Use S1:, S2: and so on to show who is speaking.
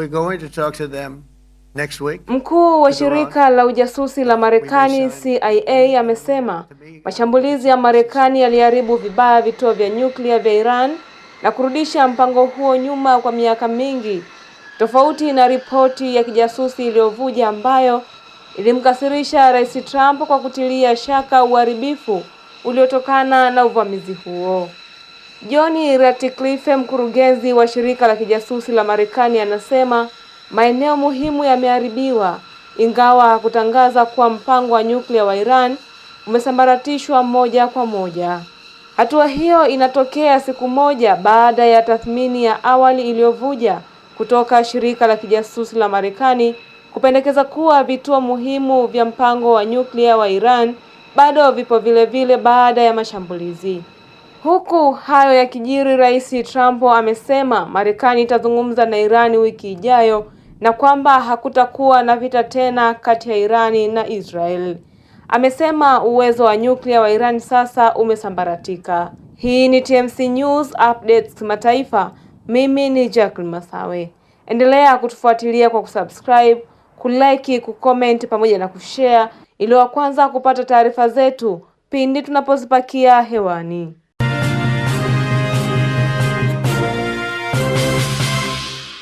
S1: we're going to talk to them next week.
S2: Mkuu wa shirika la ujasusi la Marekani CIA amesema uh, mashambulizi ya Marekani yaliharibu vibaya vituo vya nyuklia vya Iran na kurudisha mpango huo nyuma kwa miaka mingi, tofauti na ripoti ya kijasusi iliyovuja ambayo ilimkasirisha Rais Trump kwa kutilia shaka uharibifu uliotokana na uvamizi huo. John Ratcliffe, mkurugenzi wa shirika la kijasusi la Marekani, anasema maeneo muhimu yameharibiwa, ingawa hakutangaza kuwa mpango wa nyuklia wa Iran umesambaratishwa moja kwa moja. Hatua hiyo inatokea siku moja baada ya tathmini ya awali iliyovuja kutoka shirika la kijasusi la Marekani kupendekeza kuwa vituo muhimu vya mpango wa nyuklia wa Iran bado vipo vile vile baada ya mashambulizi. Huku hayo yakijiri, Rais Trump amesema Marekani itazungumza na Irani wiki ijayo na kwamba hakutakuwa na vita tena kati ya Irani na Israel. Amesema uwezo wa nyuklia wa Irani sasa umesambaratika. Hii ni TMC News Updates Kimataifa. Mimi ni Jacqueline Masawe. Endelea kutufuatilia kwa kusubscribe, kulike, kucomment pamoja na kushare ili wa kwanza kupata taarifa zetu pindi tunapozipakia hewani.